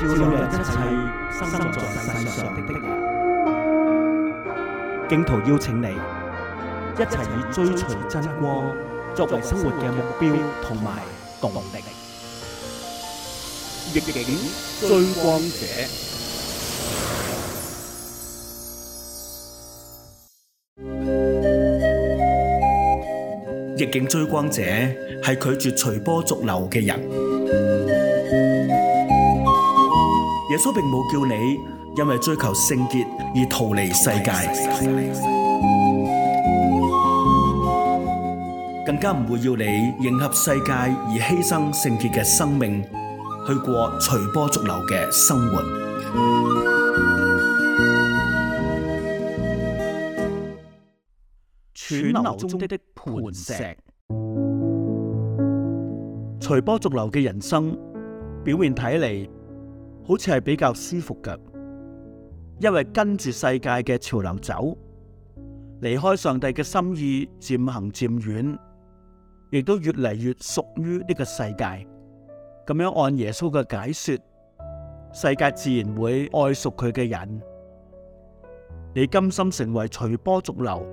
照亮一切生在世上的的人，荊徒邀請你一齊以追隨真光作為生活嘅目標同埋動力。逆境追光者，逆境追光者係拒絕隨波逐流嘅人。耶穌並冇叫你因為追求聖潔而逃離世界，更加唔會要你迎合世界而犧牲聖潔嘅生命，去過隨波逐流嘅生活。湍流中的磐石，隨波逐流嘅人生，表面睇嚟，好似係比較舒服嘅，因為跟住世界嘅潮流走，離開上帝嘅心意漸行漸遠，亦都越嚟越屬於呢個世界。咁樣按耶穌嘅解說，世界自然會愛屬佢嘅人。你甘心成為隨波逐流、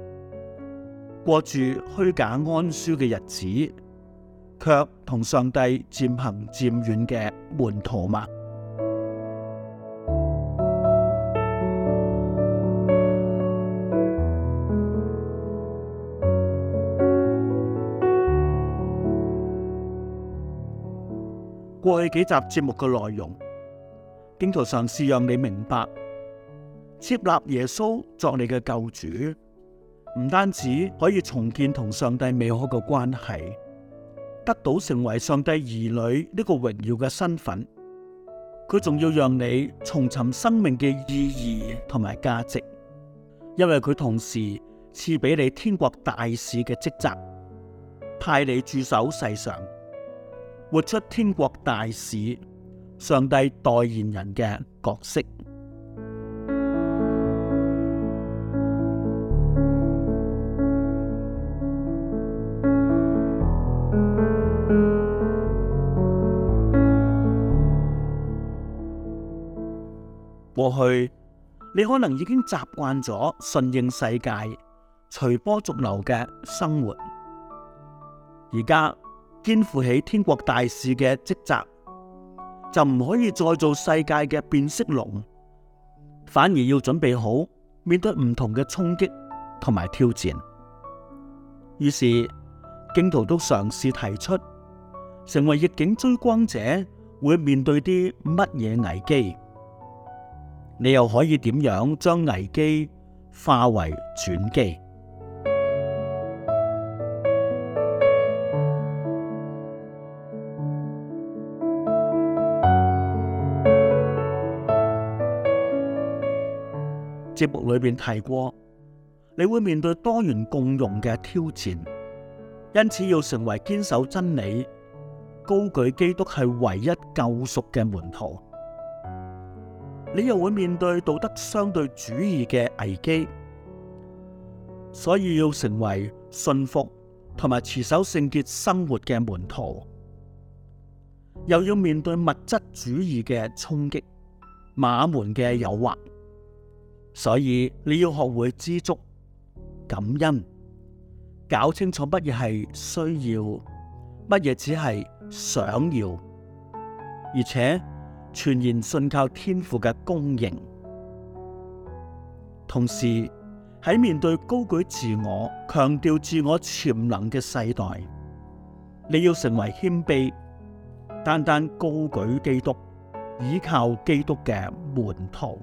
過住虛假安舒嘅日子，卻同上帝漸行漸遠嘅門徒嗎？過去幾集節目嘅內容，經圖上是讓你明白接納耶穌作你嘅救主，唔單止可以重建同上帝美好嘅關係，得到成為上帝兒女呢個榮耀嘅身份，佢仲要讓你重尋生命嘅意義同埋價值，因為佢同時賜俾你天國大使嘅職責，派你駐守世上。活出天國大使、上帝代言人嘅角色。過去你可能已經習慣咗順應世界、隨波逐流嘅生活，而家，肩負起天國大事嘅職責，就唔可以再做世界嘅變色龍，反而要準備好面對唔同嘅衝擊同埋挑戰。於是，荊徒都嘗試提出，成為逆境追光者會面對啲乜嘢危機？你又可以點樣將危機化為轉機？節目裏邊提過，你會面對多元共融嘅挑戰，因此要成為堅守真理、高舉基督係唯一救贖嘅門徒。你又會面對道德相對主義嘅危機，所以要成為信服同埋持守聖潔生活嘅門徒。又要面對物質主義嘅衝擊、馬門嘅誘惑。所以你要學會知足、感恩，搞清楚乜嘢係需要，乜嘢只係想要，而且全然信靠天父嘅供應。同時喺面對高舉自我、強調自我潛能嘅世代，你要成為謙卑，單單高舉基督，倚靠基督嘅門徒。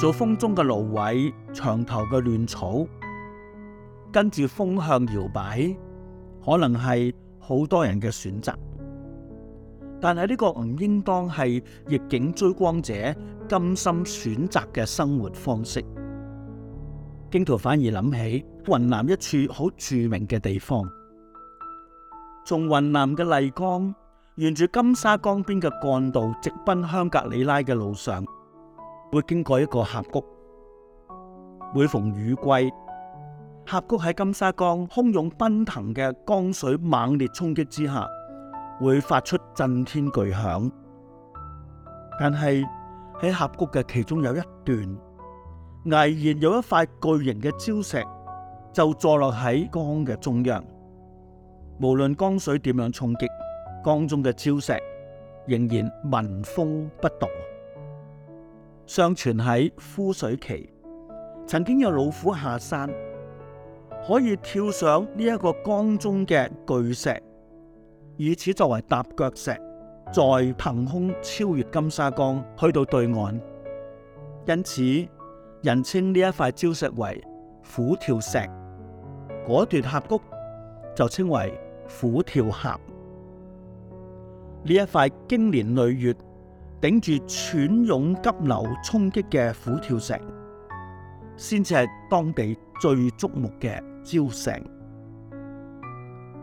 做風中嘅蘆葦，牆頭嘅亂草，跟住風向搖擺，可能係好多人嘅選擇。但係呢個唔應當係逆境追光者甘心選擇嘅生活方式。荊徒反而諗起雲南一處好著名嘅地方。從雲南嘅麗江，沿住金沙江邊嘅幹道直奔香格里拉嘅路上，會經過一個峽谷。每逢雨季，峽谷喺金沙江洶湧奔騰嘅江水猛烈衝擊之下，會發出震天巨響。但係喺峽谷嘅其中有一段，屹然有一塊巨型嘅礁石，就坐落喺江嘅中央。無論江水點樣衝擊，江中嘅礁石仍然紋風不動。相傳喺枯水期，曾經有老虎下山，可以跳上呢一個江中嘅巨石，以此作為踏腳石，再憑空超越金沙江去到對岸。因此，人稱呢一塊礁石為虎跳石。嗰段峽谷就稱為。虎跳峽。呢一塊經年累月頂住湍湧急流衝擊嘅虎跳石，先至係當地最矚目嘅礁石。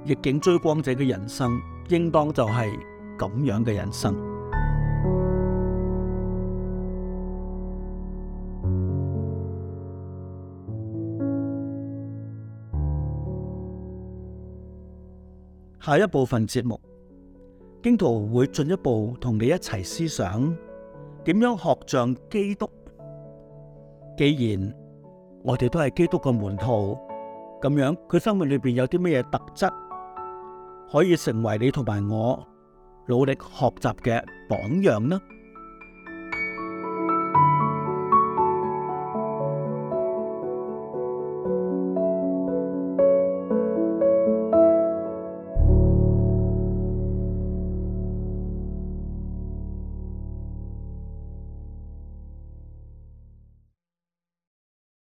逆境追光者嘅人生，應當就係咁樣嘅人生。下一部分節目，荊徒會進一步同你一齊思想，點樣學像基督？既然我哋都係基督嘅門徒，咁樣佢生命裏邊有啲乜嘢特質，可以成為你同埋我努力學習嘅榜樣呢？